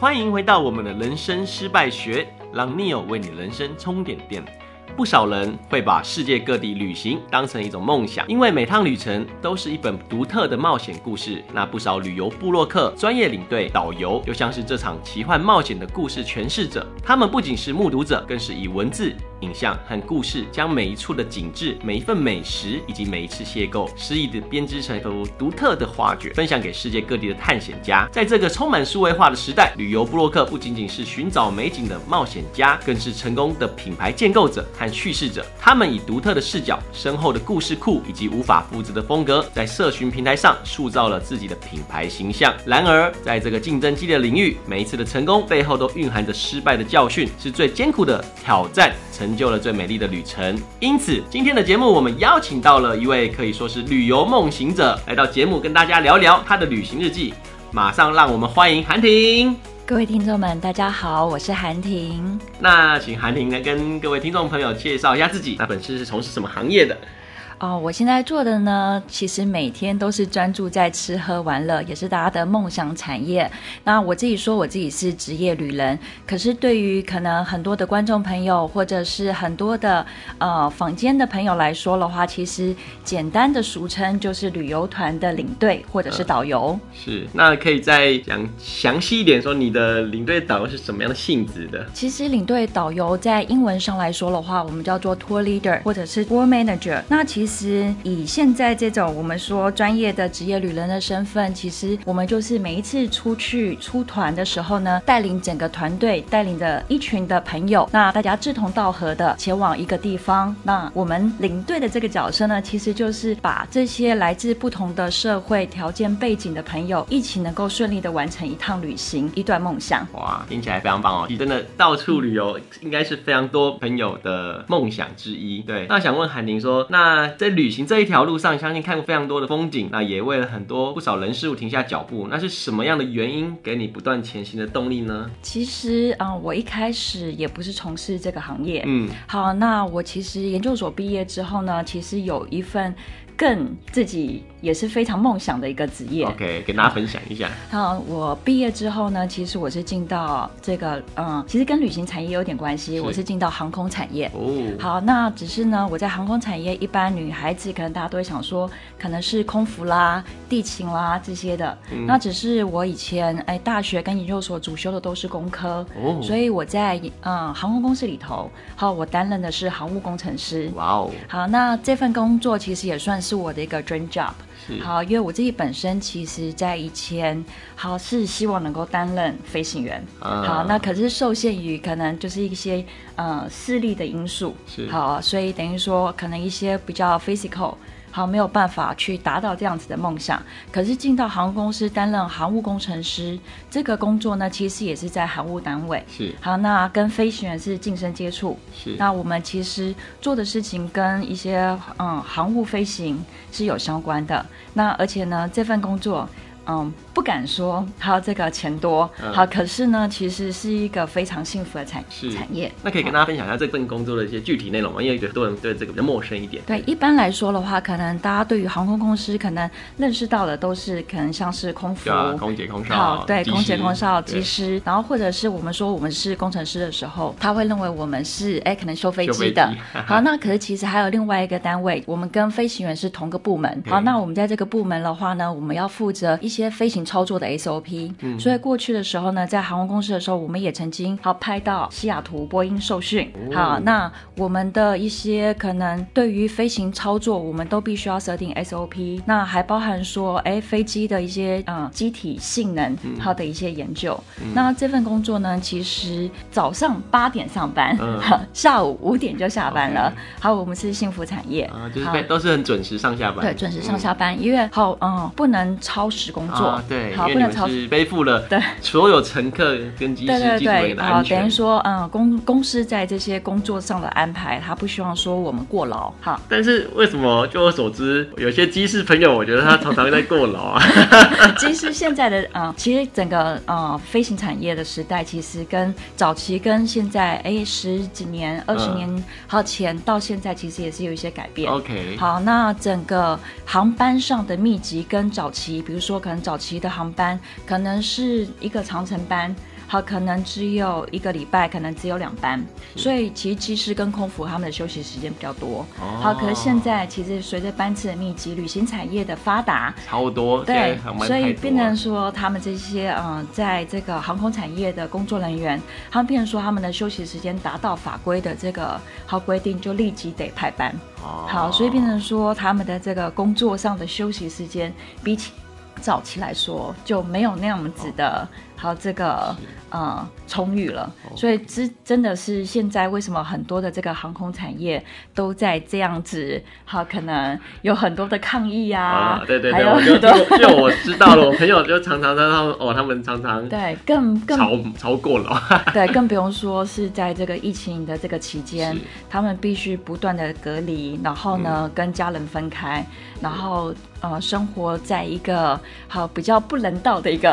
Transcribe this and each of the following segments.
歡迎回到我們的人生失敗學，讓 Neo 為你人生充點電。不少人會把世界各地旅行當成一種夢想，因為每趟旅程都是一本獨特的冒險故事。那不少旅遊部落客、專業領隊、導遊，就像是這場奇幻冒險的故事詮釋者。他們不僅是目睹者，更是以文字。影像和故事，將每一處的景致、每一份美食以及每一次邂逅，詩意的編織成一幅獨特的畫卷，分享給世界各地的探險家。在這個充滿數位化的時代，旅遊部落客不僅僅是尋找美景的冒險家，更是成功的品牌建構者和敘事者。他們以獨特的視角、深厚的故事庫以及無法複製的風格，在社群平台上塑造了自己的品牌形象。然而，在這個競爭激烈的領域，每一次的成功背後都蘊含着失敗的教訓，是最艱苦的挑戰。成成就了最美麗的旅程。因此，今天的節目我們邀請到了一位可以說是旅遊夢行者，來到節目跟大家聊聊他的旅行日記。馬上讓我們歡迎涵婷。各位聽眾們，大家好，我是涵婷。那請涵婷來跟各位聽眾朋友介紹一下自己，那本身是從事什麼行業的？哦，我現在做的呢，其實每天都是專注在吃喝玩樂，也是大家的夢想產業。那我自己說我自己是職業旅人，可是對於可能很多的觀眾朋友或者是很多的呃坊間的朋友來說的話，其實簡單的俗稱就是旅遊團的領隊或者是導遊。呃、是，那可以再講詳細一點說，你的領隊的導遊是什麼樣的性質的？其實領隊導遊在英文上來說的話，我們叫做 tour leader 或者是 tour manager。那其實是，以現在這種我們說專業的職業旅人的身份，其實我們就是每一次出去出團的時候呢，帶領整個團隊，帶領着一群的朋友，那大家志同道合的前往一個地方，那我們領隊的這個角色呢，其實就是把這些來自不同的社會條件背景的朋友一起能夠順利的完成一趟旅行，一段夢想。哇，聽起來非常棒哦！真的到處旅遊應該是非常多朋友的夢想之一。對，那想問涵婷說，那。在旅行這一條路上，相信看過非常多的風景，那也為了很多不少人事物停下腳步。那是什麼樣的原因給你不斷前行的動力呢？其實啊，嗯，我一開始也不是從事這個行業。嗯，好，那我其實研究所畢業之後呢，其實有一份更自己。也是非常夢想的一個職業。OK，給大家分享一下。好，我畢業之後呢，其實我是進到這個，嗯，其實跟旅行產業有點關係，是，我是進到航空產業。哦，好，那只是呢，我在航空產業，一般女孩子可能大家都會想說，可能是空服啦、地勤啦這些的。嗯，那只是我以前，哎，大學跟研究所主修的都是工科，哦，所以我在嗯航空公司裡頭，好，我擔任的是航務工程師。哇哦，好，那這份工作其實也算是我的一個 dream job。是好，因為我自己本身其實在以前，好，是希望能夠擔任飛行員，啊、好，那可是受限於可能就是一些呃視力的因素，是好，所以等於說可能一些比較 physical。好，沒有辦法去達到這樣子的夢想。可是進到航空公司擔任航務工程師這個工作呢，其實也是在航務單位。是好，那跟飛行員是近身接觸。是，那我們其實做的事情跟一些嗯航務飛行是有相關的。那而且呢，這份工作。嗯，不敢說還有這個錢多好，可是呢，其實是一個非常幸福的產產業。那可以跟大家分享一下這份工作的一些具體內容嗎？因為很多人對這個比較陌生一點。對，一般來說的話，可能大家對於航空公司可能認識到的都是可能像是空服、空姐、空少，對，空姐、空少、機師，然後或者是我們說我們是工程師的時候，他會認為我們是哎，可能修飛機的。好，那可是其實還有另外一個單位，我們跟飛行員是同個部門。好，那我們在這個部門的話呢，我們要負責一些。些飛行操作的 SOP，、嗯、所以過去的時候呢，在航空公司的時候，我們也曾經好拍到西雅圖波音受訓。好，那我們的一些可能對於飛行操作，我們都必須要設定 SOP。那還包含說，哎、欸，飛機的一些嗯機體性能，好的一些研究。嗯、那這份工作呢，其實早上八點上班，嗯、下午五點就下班了。Okay. 好，我們是幸福產業啊，就是好都是很準時上下班，對，準時上下班，嗯、因為好嗯不能超時工作。啊，對，好，不能超時，背負了對所有乘客跟機師對對,對,對人的安全、哦，等於說，嗯，公公司在這些工作上的安排，他不希望說我們過勞。好，但是為什麼？據我所知，有些機師朋友，我覺得他常常在過勞啊。機師 現在的嗯其實整個啊、嗯、飛行產業的時代，其實跟早期跟現在哎十幾年、二十年好，前到現在，其實也是有一些改變。OK，、嗯、好，那整個航班上的密集跟早期，比如說可能。早期的航班，可能是一個長程班，好，可能只有一個禮拜，可能只有兩班，是所以其實跟空服他們的休息時間比較多。哦、好，可是現在其實隨着班次的密集，旅行產業的發達，超多對，所以變成說他們這些嗯、呃，在這個航空產業的工作人員，他們變成說他們的休息時間達到法規的這個好規定，就立即得排班。哦、好，所以變成說他們的這個工作上的休息時間比起。早期來說就沒有那樣子的，好這個呃充裕了，所以這真的是現在為什麼很多的這個航空產業都在這樣子，好可能有很多的抗議啊。對對對，就我知道了，我朋友就常常說他們哦，他們常常對更更超超過了，對更不用說是在這個疫情的這個期間，他們必須不斷的隔離，然後呢跟家人分開，然後。呃，生活在一個好比較不人道的一個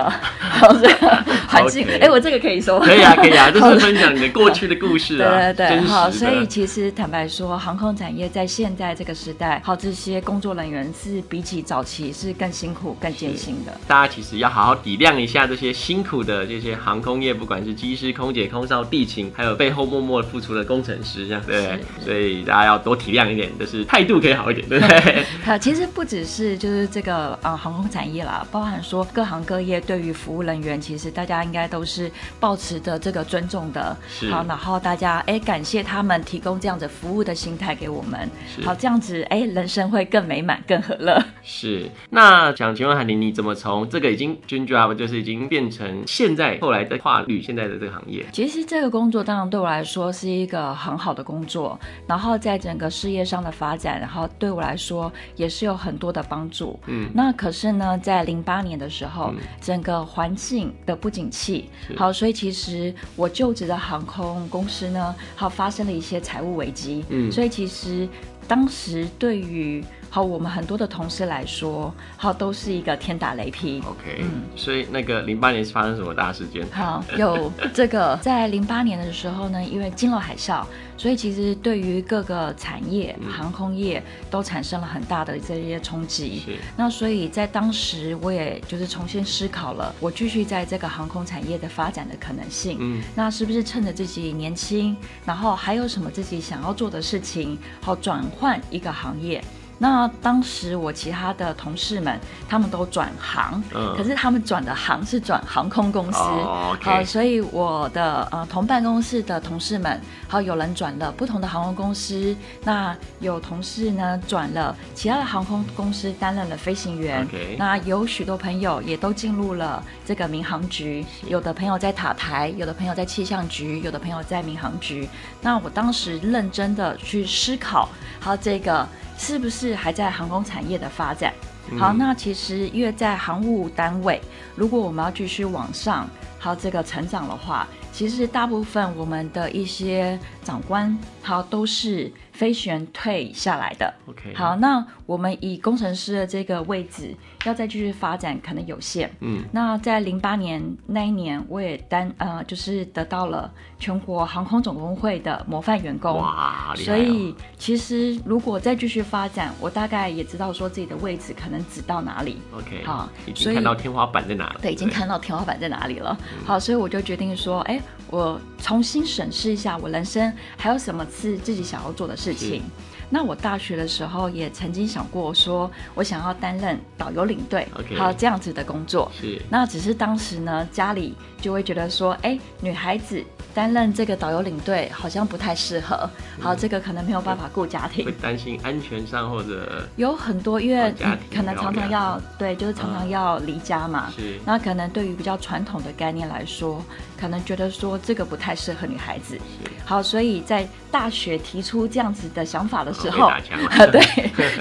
環境。哎級、欸，我這個可以說。可以啊，可以啊，就是分享你的過去的故事啊。好對對對，好，所以其實坦白說，航空產業在現在這個時代，好這些工作人員是比起早期是更辛苦、更艱辛的。大家其實要好好體諒一下這些辛苦的這些航空業，不管是機師、空姐、空少、地勤，還有背後默默付出的工程師，這樣對。是所以大家要多體諒一點，就是態度可以好一點，對不對？好，其實不只是。就是這個、嗯、航空產業啦，包含說各行各業對於服務人員，其實大家應該都是抱持著這個尊重的，是好，然後大家哎感謝他們提供這樣子服務的心態給我們，是好，這樣子哎，人生會更美滿、更和樂。是，那想請問涵婷，你怎麼從這個已經 dream job，就是已經變成現在後來的跨旅現在的這個行業？其實這個工作當然對我來說是一個很好的工作，然後在整個事業上的發展，然後對我來說也是有很多的幫。嗯，那可是呢，在零八年的時候，嗯、整個環境的不景氣，是好，所以其實我就職的航空公司呢，好，發生了一些財務危機，嗯，所以其實當時對於。好，我們很多的同事來說，好，都是一個天打雷劈。OK，、嗯、所以那個零八年是發生什麼大事件？好，有這個 在零八年的時候呢，因為金融海嘯，所以其實對於各個產業，航空業、嗯、都產生了很大的這些衝擊。是那所以在當時，我也就是重新思考了，我繼續在這個航空產業的發展的可能性。嗯，那是不是趁着自己年輕，然後還有什麼自己想要做的事情，好轉換一個行業？那當時我其他的同事們他們都轉行，嗯、可是他們轉的行是轉航空公司，哦 okay. 好，所以我的呃同辦公室的同事們，好有人轉了不同的航空公司，那有同事呢轉了其他的航空公司擔任了飛行員，Okay. 那有許多朋友也都進入了這個民航局，有的朋友在塔台，有的朋友在氣象局，有的朋友在民航局，那我當時認真的去思考，還有這個。是不是還在航空產業的發展？嗯、好，那其實因為在航務單位，如果我們要繼續往上，還有這個成長的話。其實大部分我們的一些長官，他都是飛行員退下來的。OK，好，那我們以工程師的這個位置，要再繼續發展可能有限。嗯，那在零八年那一年，我也單呃，就是得到了全國航空總工會的模範員工。哇，厲害哦，所以其實如果再繼續發展，我大概也知道說自己的位置可能指到哪裡。OK，好，已經看到天花板在哪裡。對，已經看到天花板在哪裡了。對好，所以我就決定說，哎，欸。我重新審視一下，我人生還有什麼是自己想要做的事情？是那我大學的時候也曾經想過，說我想要擔任導遊領隊，還有這樣子的工作。Okay. 是，那只是當時呢，家裡就會覺得說，哎、欸，女孩子。擔任這個導遊領隊好像不太適合，嗯、好，這個可能沒有辦法顧家庭，會擔心安全上或者有很多因為、嗯、可能常常要、啊、對，就是常常要離家嘛，是那可能對於比較傳統的概念來說，可能覺得說這個不太適合女孩子。是好，所以在大學提出這樣子的想法的時候，啊啊、對，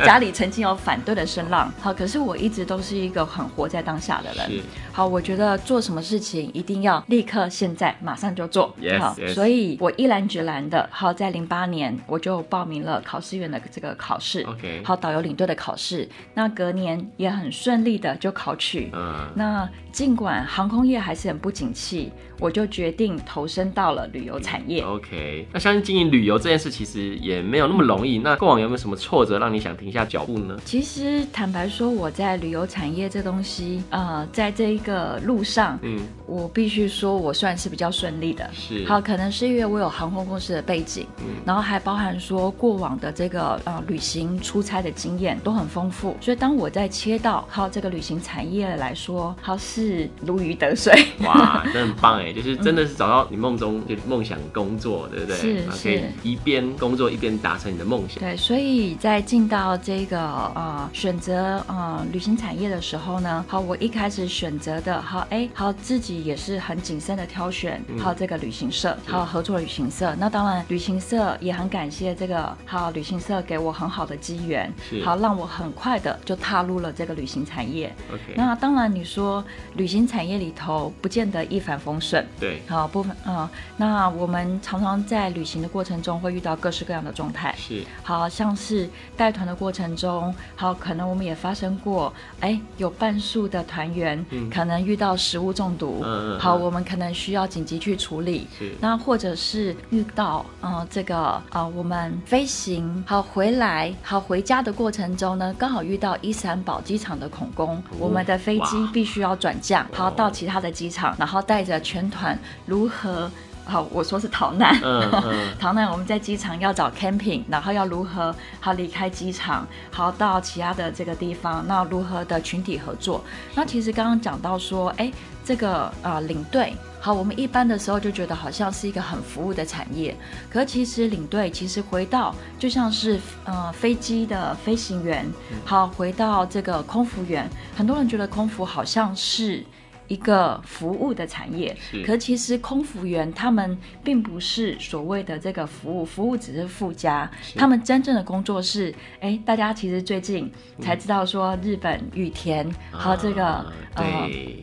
家裡曾經有反對的聲浪， 好，可是我一直都是一個很活在當下的人。是好，我覺得做什麼事情一定要立刻現在馬上就做。Yes, yes. 好，所以我毅然決然的，好，在零八年我就報名了考試院的這個考試，Okay. 好，導遊領隊的考試，那隔年也很順利的就考取，嗯，uh. 那。儘管航空業還是很不景氣，我就決定投身到了旅遊產業。OK，那相信經營旅遊這件事其實也沒有那麼容易。那過往有沒有什麼挫折讓你想停下腳步呢？其實坦白說，我在旅遊產業這東西，呃，在這一個路上，嗯，我必須說我算是比較順利的。是，好，可能是因為我有航空公司的背景，嗯，然後還包含說過往的這個呃旅行出差的經驗都很豐富，所以當我在切到靠這個旅行產業來說，好，是。是如魚得水， 哇，真的很棒哎！就是真的是找到你夢中就夢、嗯、想工作，對不對？可以、Okay, 一邊工作一邊達成你的夢想。對，所以在進到這個呃選擇、呃、旅行產業的時候呢，好，我一開始選擇的好哎，好，、欸、好自己也是很謹慎的挑選，好這個旅行社，嗯、好合作旅行社。是那當然旅行社也很感謝這個好旅行社給我很好的機緣，是好讓我很快的就踏入了這個旅行產業。Okay 那當然你說。旅行產業裡頭不見得一帆風順，對，好部分啊、嗯。那我們常常在旅行的過程中會遇到各式各樣的狀態，是，好、啊、像是帶團的過程中，好、啊、可能我們也發生過，哎，有半數的團員可能遇到食物中毒，嗯好、啊啊啊啊，我們可能需要緊急去處理，是。那、啊、或者是遇到啊這個啊，我們飛行好、啊、回來好、啊、回家的過程中呢，剛好遇到伊斯坦堡機場的恐攻，哦、我們的飛機必須要轉機。然後到其他的機場，然後帶着全團如何。好，我說是逃難。嗯嗯、逃難，我們在機場要找 camping，然後要如何好離開機場，好到其他的這個地方。那如何的群體合作？那其實剛剛講到說，誒，這個呃領隊，好，我們一般的時候就覺得好像是一個很服務的產業。可其實領隊，其實回到就像是呃飛機的飛行員，好回到這個空服員，很多人覺得空服好像是。一個服務的產業，是可其實空服員他們並不是所謂的這個服務，服務只是附加，是他們真正的工作是，哎，大家其實最近才知道說日本羽田和這個、啊、呃，對，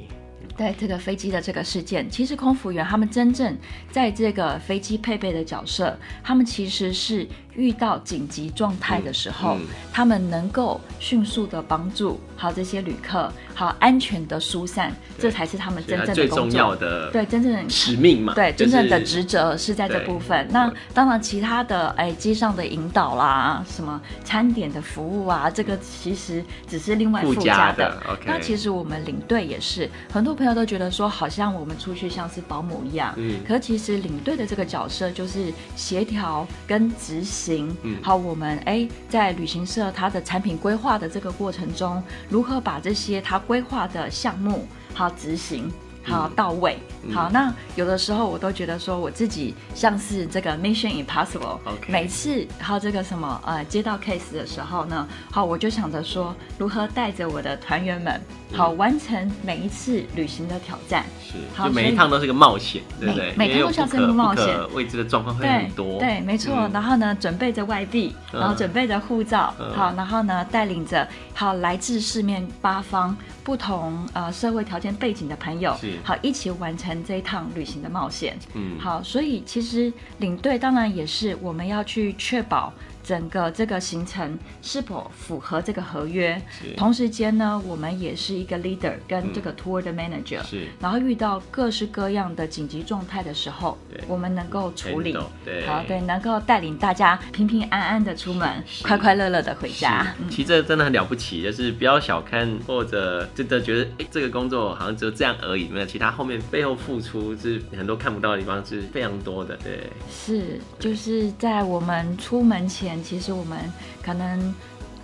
對這個飛機的這個事件，其實空服員他們真正在這個飛機配備的角色，他們其實是。遇到緊急狀態的時候，嗯嗯、他們能夠迅速的幫助好這些旅客，好安全的疏散，對這才是他們真正的重要的對真正的使命嘛。對，就是，對，真正的職責是在這部分。對那我當然，其他的哎機上的引導啦，什麼餐點的服務啊，嗯、這個其實只是另外附加的。加的 okay、那其實我們領隊也是，很多朋友都覺得說，好像我們出去像是保姆一樣，嗯，可其實領隊的這個角色就是協調跟執行。行，嗯，好，我們哎，在旅行社它的產品規劃的這個過程中，如何把這些它規劃的項目好執行。好到位，嗯、好，那有的時候我都覺得說，我自己像是這個 Mission Impossible。Okay. 每次還有這個什麼呃接到 case 的時候呢，好我就想着說如何帶着我的團員們、嗯、好完成每一次旅行的挑戰。是，好就每一趟都是個冒險，對不對？每，每趟都像是一個冒險，未知的狀況會很多。對，沒錯。嗯、然後呢，準備着外幣，然後準備着護照，嗯嗯、好，然後呢帶領着好來自四面八方不同呃社會條件背景的朋友。是好，一起完成這一趟旅行的冒險。嗯，好，所以其實領隊當然也是我們要去確保，整個這個行程是否符合這個合約？是同時間呢，我們也是一個 leader 跟這個 tour 的 manager，嗯、然後遇到各式各樣的緊急狀態的時候，對我們能夠處理，of, 對，好對，能夠帶領大家平平安安的出門，是快快樂樂的回家。其實這真的很了不起，就是不要小看或者真的覺得哎，這個工作好像只有這樣而已，沒有其他後面背後付出是很多，看不到的地方是非常多的，對。是，就是在我們出門前。其實我們可能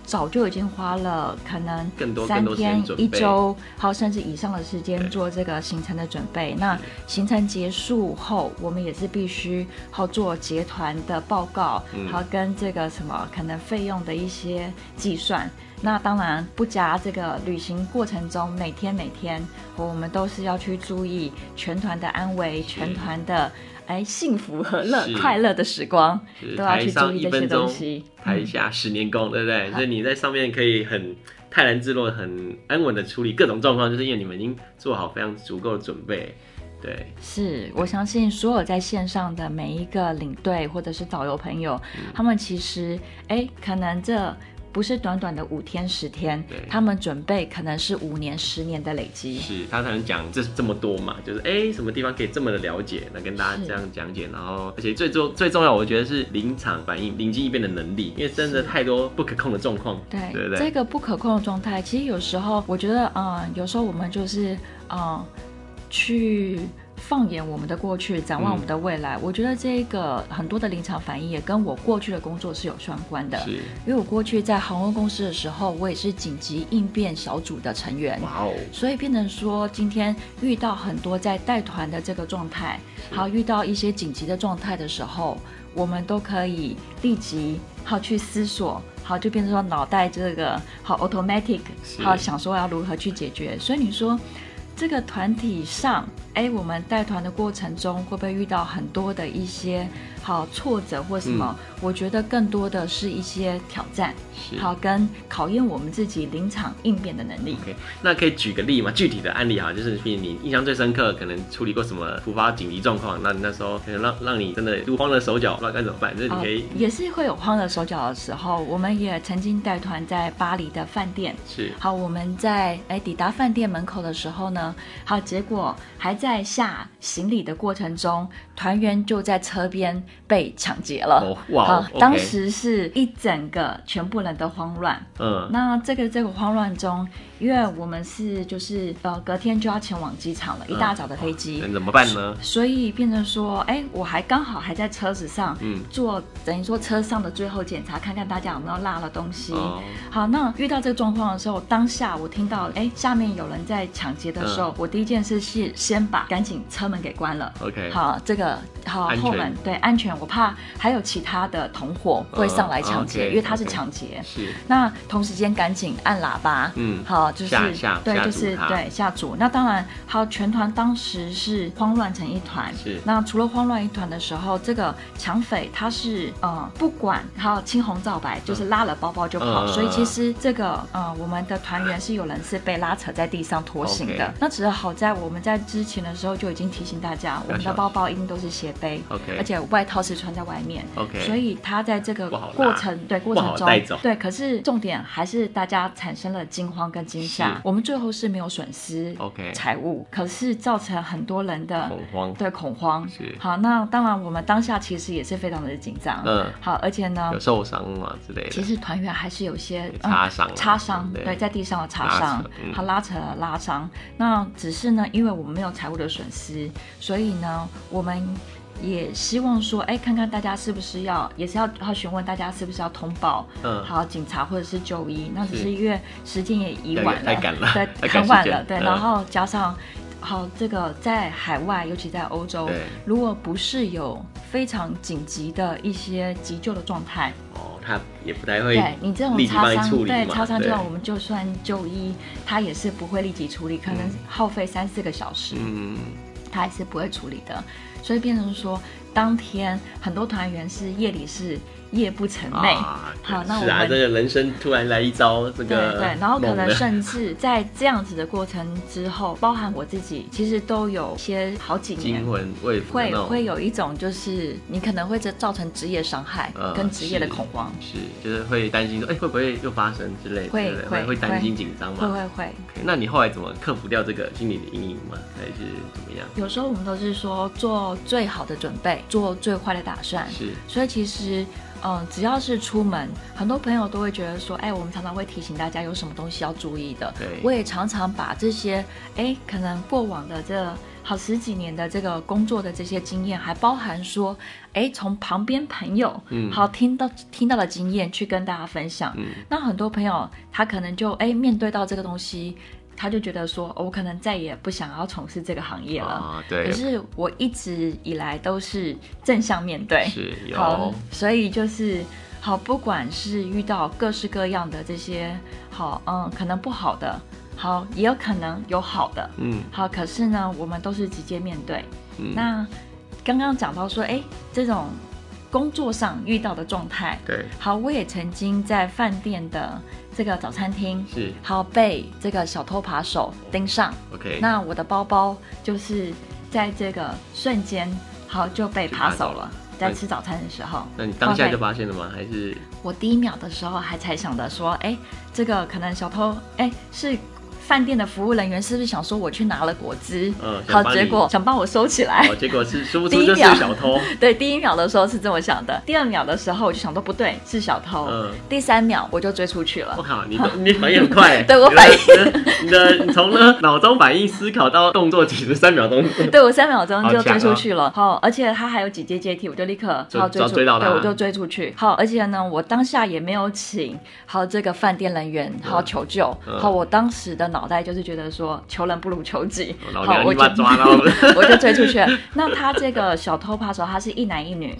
早就已經花了可能更多，三天、一周，還有甚至以上的時間做這個行程的準備。對那行程結束後，我們也是必須好做結團的報告，好、嗯、跟這個什麼可能費用的一些計算。那當然不加這個旅行過程中每天每天，我們都是要去注意全團的安危，是全團的。哎，幸福和樂是快樂的時光是都要去注意這些東西。台上一分鐘，台下十年功，嗯、對不對？好所以你在上面可以很泰然自若、很安穩的處理各種狀況，就是因為你們已經做好非常足夠的準備。對，是我相信所有在線上的每一個領隊或者是導遊朋友，嗯、他們其實哎，可能這。不是短短的五天十天，對他們準備可能是五年十年的累積，是他才能講這這麼多嘛，就是哎，什麼地方可以這麼的了解，來跟大家這樣講解，是然後而且最重最重要，我覺得是臨場反應、臨機應變的能力，因為真的太多不可控的狀況，對對對，對對這個不可控的狀態，其實有時候我覺得啊、嗯，有時候我們就是啊、嗯，去。放眼我們的過去，展望我們的未來，嗯、我覺得這個很多的臨場反應也跟我過去的工作是有相關的，是因為我過去在航空公司的時候，我也是緊急應變小組的成員，哦、所以變成說今天遇到很多在帶團的這個狀態，嗯、好遇到一些緊急的狀態的時候，我們都可以立即好去思索，好就變成說腦袋這個好 automatic，是好想說要如何去解決，所以你說。這個團體上，哎、欸，我們帶團的過程中會不會遇到很多的一些好挫折或什麼？嗯、我覺得更多的是一些挑戰，是好，跟考驗我們自己臨場應變的能力。Okay, 那可以舉個例嘛，具體的案例哈，就是你印象最深刻，可能處理過什麼突發緊急狀況？那那時候可能讓讓你真的慌了手腳，不知道該怎麼辦。那你可以、哦、也是會有慌了手腳的時候。我們也曾經帶團在巴黎的飯店，是好，我們在哎、欸、抵達飯店門口的時候呢。好，結果還在下行李的過程中，團員就在車邊被搶劫了。哇，當時是一整個全部人都慌亂。嗯，uh. 那這個這個慌亂中。因為我們是就是呃隔天就要前往機場了，一大早的飛機，那怎麼辦呢？所以變成說，哎，我還剛好還在車子上，嗯，做等於說車上的最後檢查，看看大家有沒有落了東西。好，那遇到這個狀況的時候，當下我聽到，哎，下面有人在搶劫的時候，我第一件事是先把趕緊車門給關了，OK，好，這個，好，後門，對，安全，我怕還有其他的同夥會上來搶劫，因為他是搶劫。是，那同時間趕緊按喇叭，嗯，好。就是下下對，下就是對下組。那當然，還有全團當時是慌亂成一團。是。那除了慌亂一團的時候，這個搶匪他是呃不管還有青紅皂白，就是拉了包包就跑。嗯、所以其實這個呃我們的團員是有人是被拉扯在地上拖行的。Okay 那只是好在我們在之前的時候就已經提醒大家，我們的包包一定都是斜背，OK，而且外套是穿在外面，OK。所以他在這個過程對，過程中對，可是重點還是大家產生了驚慌跟。驚。下是我們最後是沒有損失，OK，財物，可是造成很多人的恐慌，對恐慌。是好，那當然我們當下其實也是非常的緊張，嗯，好，而且呢，受傷嘛之類的。其實團員還是有些擦傷、嗯，擦傷，對，在地上的擦傷，嗯、他拉扯拉傷。那只是呢，因為我們沒有財物的損失，所以呢，我們。也希望說，哎，看看大家是不是要，也是要要詢問大家是不是要通報，嗯，好，警察或者是就醫，那只是因為時間也已晚了，太趕了，太趕時間了，對，然後加上，好，這個在海外，尤其在歐洲，如果不是有非常緊急的一些急救的狀態，哦，他也不太會，對你這種擦傷，對，擦傷這種，我們就算就醫，他也是不會立即處理，可能耗費三四個小時，嗯，他還是不會處理的。所以變成說，當天很多團員是夜裡是。夜不成寐。好，那我是啊，這個人生突然來一遭，這個對，對，然後可能甚至在這樣子的過程之後，包含我自己，其實都有些好幾年驚魂未定會會有一種就是你可能會這造成職業傷害跟職業的恐慌，是就是會擔心說哎會不會又發生之類，的。會會會擔心緊張嗎？會會會。那你後來怎麼克服掉這個心理的陰影嗎？還是怎麼樣？有時候我們都是說做最好的準備，做最壞的打算，是，所以其實。嗯，只要是出門，很多朋友都會覺得說，哎、欸，我們常常會提醒大家有什麼東西要注意的。對，我也常常把這些，哎、欸，可能過往的這好十幾年的這個工作的這些經驗，還包含說，哎、欸，從旁邊朋友，嗯，好聽到、嗯、聽到的經驗去跟大家分享。嗯，那很多朋友他可能就，哎、欸、面對到這個東西。他就覺得說，哦，我可能再也不想要從事這個行業了。啊，對。可是我一直以來都是正向面對。是。好，所以就是好，不管是遇到各式各樣的這些好，嗯，可能不好的，好，也有可能有好的，嗯，好。可是呢，我們都是直接面對。嗯。那剛剛講到說，誒，這種工作上遇到的狀態，對。好，我也曾經在飯店的。這個早餐廳是，好被這個小偷扒手盯上。Oh, OK，那我的包包就是在這個瞬間，好就被扒手了。嗯，在吃早餐的時候，那你當下就發現了嗎？Okay. 還是我第一秒的時候還才想的說，哎，這個可能小偷，哎是。飯店的服務人員是不是想說我去拿了果汁？嗯，好，結果想幫我收起來。結果是第一秒是小偷。對，第一秒的時候是這麼想的。第二秒的時候我就想，都不對，是小偷。嗯，第三秒我就追出去了。我靠，你你反應很快。對我反應，你的你從呢？腦中反應思考到動作，幾十三秒鐘。對我三秒鐘就追出去了。好，而且他還有幾階階梯，我就立刻要追到。對，我就追出去。好，而且呢，我當下也沒有請好這個飯店人員好求救。好，我當時的腦。腦袋就是覺得說求人不如求己，好，我就我就追出去。那他這個小偷扒手，他是一男一女，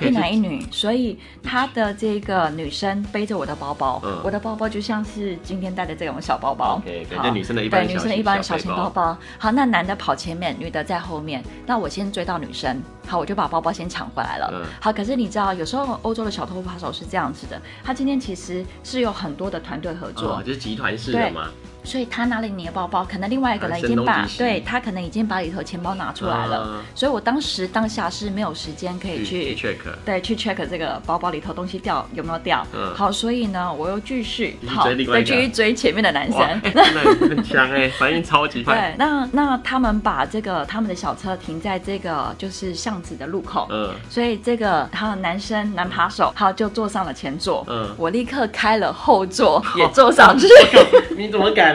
一男一女，所以他的這個女生背着我的包包，我的包包就像是今天帶的這種小包包，對女生的一般小型包包。好，那男的跑前面，女的在後面。那我先追到女生，好，我就把包包先搶回來了。好，可是你知道，有時候歐洲的小偷扒手是這樣子的，他今天其實是有很多的團隊合作，就是集團式的嘛。所以他拿了你的包包，可能另外一個人已經把對他可能已經把裡頭錢包拿出來了。所以，我當時當下是沒有時間可以去對去 check 這個包包裡頭東西掉有沒有掉。好，所以呢，我又繼續好，再繼續追前面的男生。很強哎，反應超級快。對，那那他們把這個他們的小車停在這個就是巷子的路口。嗯，所以這個好男生男扒手，好就坐上了前座。嗯，我立刻開了後座也坐上去。你怎麼敢？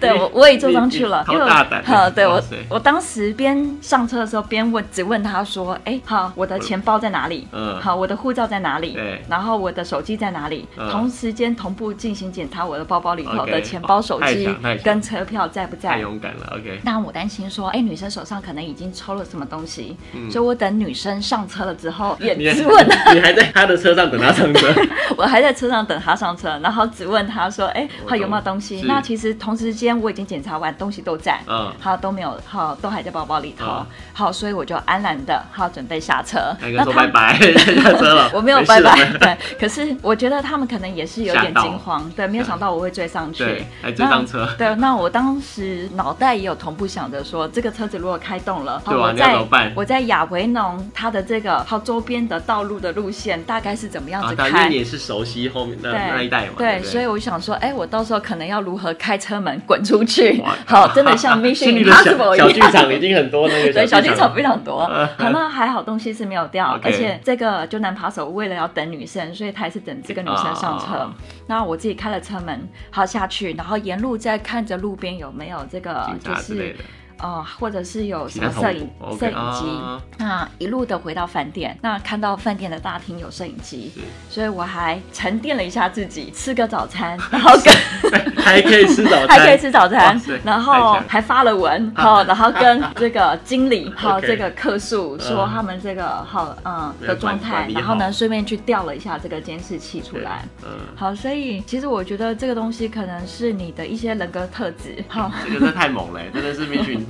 對，我我也坐上去了，好大膽。嗯，對我，我當時邊上車的時候，邊問只問他說：“哎，好，我的錢包在哪裡？嗯，好，我的護照在哪裡？對，然後我的手機在哪裡？同時間同步進行，檢查我的包包裡頭的錢包、手機跟車票在不在？太勇敢了，OK。那我擔心說，哎，女生手上可能已經抽了什麼東西，所以我等女生上車了之後也問，你還在他的車上等他上車？我還在車上等他上車，然後只問他說：“哎，他有沒有東西？”那其實。同時間我已經檢查完，東西都在，嗯，好都沒有，好都還在包包裡頭，好，所以我就安然的，好準備下車，那說拜拜，下車了，我沒有拜拜，對，可是我覺得他們可能也是有點驚慌，對，沒有想到我會追上去，還追上車，對，那我當時腦袋也有同步想着說，這個車子如果開動了，對，我在我在亞維農，他的這個他周邊的道路的路線大概是怎麼樣子開，因為你也是熟悉後面那那一帶嘛，對，所以我想說，哎，我到時候可能要如何開車。車門滾出去！靠好，真的像 Mission Impossible 一樣，小劇場已經很多了，那個、劇，對，小劇場非常多。 好，那還好東西是沒有掉，Okay. 而且這個就男扒手為了要等女生，所以他還是等這個女生上車。啊、那我自己開了車門，好下去，然後沿路再看着路邊有沒有這個，就是。哦，或者是有什麼攝影攝影機，那一路的回到飯店，那看到飯店的大廳有攝影機，所以我還沉澱了一下自己，吃個早餐，然後跟還可以吃早餐，還可以吃早餐，然後還發了文，好，然後跟這個經理還有這個客訴說他們這個好嗯的狀態，然後呢順便去調了一下這個監視器出來，好，所以其實我覺得這個東西可能是你的一些人格特質，好，這個真的太猛了，真的是命運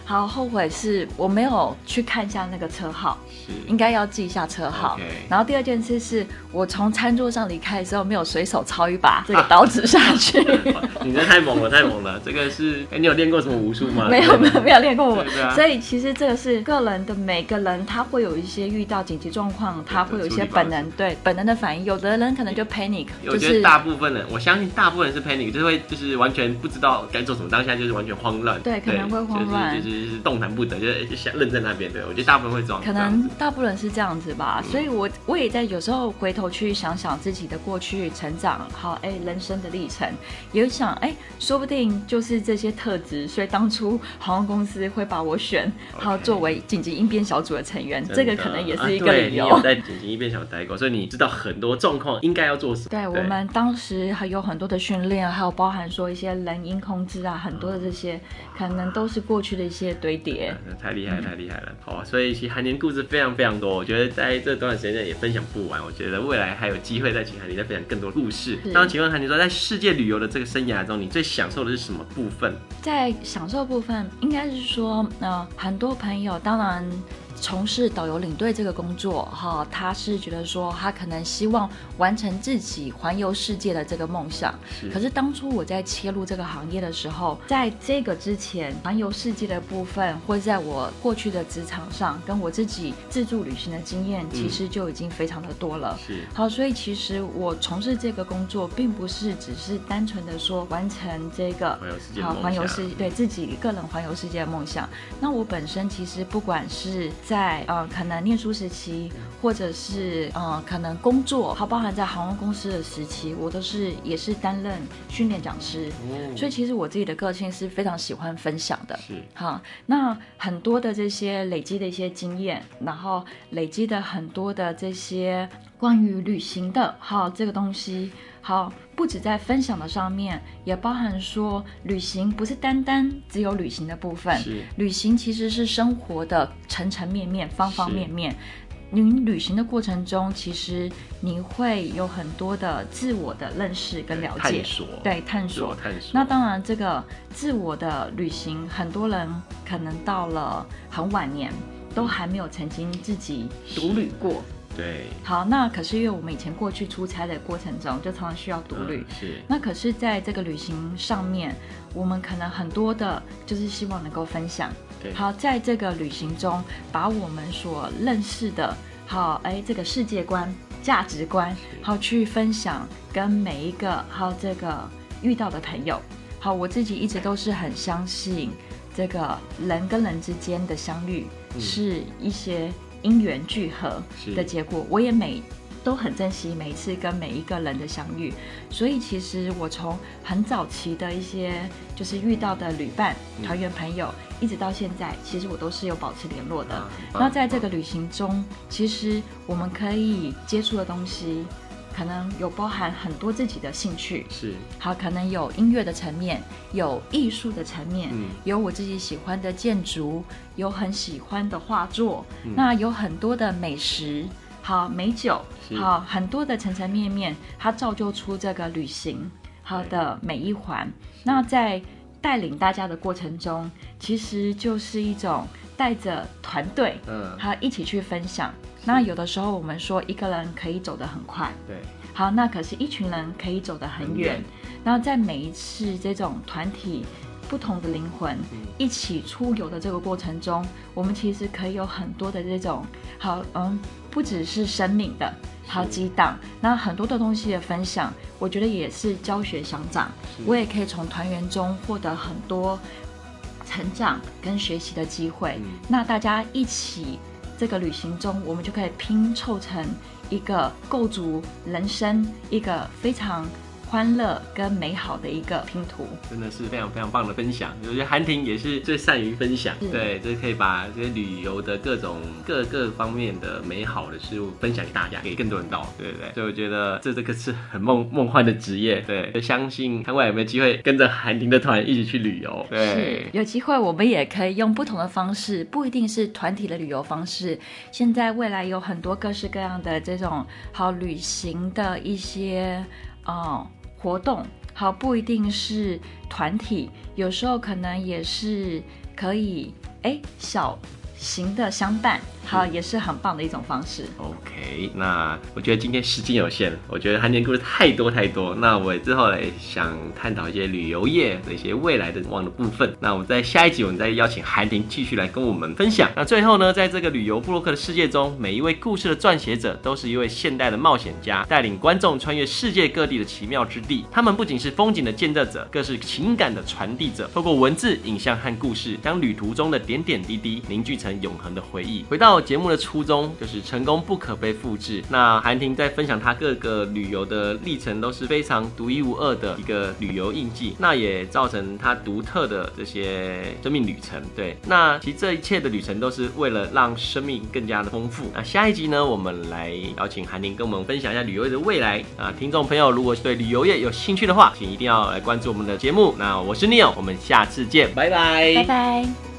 好後悔是我沒有去看一下那個車號，是應該要記一下車號。Okay. 然後第二件事是我從餐桌上離開的時候沒有隨手抄一把這個刀子下去。啊 啊、你這太猛了，太猛了！這個是，哎、欸，你有練過什麼武術嗎？沒有，沒有，沒有練過武術。啊、所以其實這個是個人的，每個人他會有一些遇到緊急狀況，他會有一些本能，對，對，對本能的反應。有的人可能就 panic，就是大部分人，我相信大部分人是 panic，就會就是完全不知道該做什麼，當下就是完全慌亂。對，可能會慌亂，就是。就是就是動彈不得，就就愣在那邊的。我覺得大部分會這樣。可能大部分是這樣子吧。嗯、所以我，我我也在有時候回頭去想想自己的過去成長，好，哎，人生的歷程，也想，哎，說不定就是這些特質，所以當初航空公司會把我選，好 Okay. 作為緊急應變小組的成員，的這個可能也是一個理由。啊、對，你在緊急應變小組待過，所以你知道很多狀況應該要做什麼。對，對我們當時還有很多的訓練，還有包含說一些人因控制啊，很多的這些，嗯、可能都是過去的一些。堆疊、嗯，那太厲害，太厲害了。害了嗯、好，所以其實涵婷故事非常非常多，我覺得在這段時間內也分享不完。我覺得未來還有機會再請涵婷再分享更多故事。那是請問涵婷說，在世界旅遊的這個生涯中，你最享受的是什麼部分？在享受部分，應該是說、呃，很多朋友，當然。從事導遊領隊這個工作，哈、哦，他是覺得說他可能希望完成自己環遊世界的這個夢想。是，可是當初我在切入這個行業的時候，在這個之前環遊世界的部分，或者在我過去的職場上，跟我自己自助旅行的經驗，嗯、其實就已經非常的多了。是，好，所以其實我從事這個工作，並不是只是單純的說完成這個環遊世界，啊，環遊世界對自己個人環遊世界的夢想。嗯、那我本身其實不管是在呃，可能念書時期，或者是呃，可能工作，包含在航空公司的時期，我都是也是擔任訓練講師，嗯、所以其實我自己的個性是非常喜歡分享的。是哈、嗯，那很多的這些累積的一些經驗，然後累積的很多的這些。關於旅行的，好這個東西，好不止在分享的上面，也包含說旅行不是單單只有旅行的部分，是旅行其實是生活的層層面面、方方面面。你是旅行的過程中，其實你會有很多的自我的認識跟了解，對探索探索。那當然，這個自我的旅行，很多人可能到了很晚年，都還沒有曾經自己獨旅過。對，好，那可是因為我們以前過去出差的過程中，就常常需要獨旅、嗯。是，那可是在這個旅行上面，我們可能很多的，就是希望能夠分享。對，好，在這個旅行中，把我們所認識的，好，哎，這個世界觀、價值觀，是好去分享，跟每一個，好這個遇到的朋友，好，我自己一直都是很相信，這個人跟人之間的相遇，是一些、嗯。因緣聚合的結果，是我也每都很珍惜每一次跟每一個人的相遇。所以其實我從很早期的一些就是遇到的旅伴、嗯、團員朋友，一直到現在，其實我都是有保持聯絡的。啊、然後在這個旅行中，其實我們可以接觸的東西。可能有包含很多自己的興趣，是，好，可能有音樂的層面，有藝術的層面，嗯，有我自己喜歡的建築，有很喜歡的畫作，嗯，那有很多的美食，好，美酒，是，好，很多的層層面面，它造就出這個旅行，好的每一環。那在帶領大家的過程中，其實就是一種帶着團隊，嗯，他一起去分享。那有的時候我們說，一個人可以走得很快，對，好，那可是一群人可以走得很遠。很遠，那在每一次這種團體不同的靈魂一起出遊的這個過程中，是我們其實可以有很多的這種好，嗯，不只是生命的，好激盪，是那很多的東西的分享，我覺得也是教學相長，是我也可以從團員中獲得很多成長跟學習的機會。是那大家一起，這個旅行中，我們就可以拼湊成一個構築人生一個非常。歡樂跟美好的一個拼圖，真的是非常非常棒的分享。我覺得涵婷也是最善於分享，是對，就是可以把這些旅遊的各種各個方面的美好的事物分享給大家，給更多人到，對，對對？所以我覺得這這個是很夢夢幻的職業。對，相信看未來有沒有機會跟着涵婷的團一起去旅遊。對，有機會我們也可以用不同的方式，不一定是團體的旅遊方式。現在未來有很多各式各樣的這種好旅行的一些，哦。活動好，不一定是團體，有時候可能也是可以哎、欸、小。行的相伴，好，也是很棒的一種方式。OK，那我覺得今天時間有限，我覺得韓婷故事太多太多。那我之後來想探討一些旅遊業的一些未來的望的部分。那我們在下一集我們再邀請韓婷繼續來跟我們分享。那最後呢，在這個旅遊部落客的世界中，每一位故事的撰寫者都是一位現代的冒險家，帶領觀眾穿越世界各地的奇妙之地。他們不僅是風景的見證者，更是情感的傳遞者。透過文字、影像和故事，將旅途中的點點滴滴凝聚成。永恆的回憶。回到節目的初衷，就是成功不可被複製。那涵婷在分享她各個旅遊的歷程，都是非常獨一無二的一個旅遊印記。那也造成她獨特的這些生命旅程。對，那其實這一切的旅程都是為了讓生命更加的豐富。那下一集呢，我們來邀請涵婷跟我們分享一下旅遊業的未來啊！聽眾朋友，如果對旅遊業有興趣的話，請一定要來關注我們的節目。那我是 Neo，我們下次見，拜拜 bye，拜拜。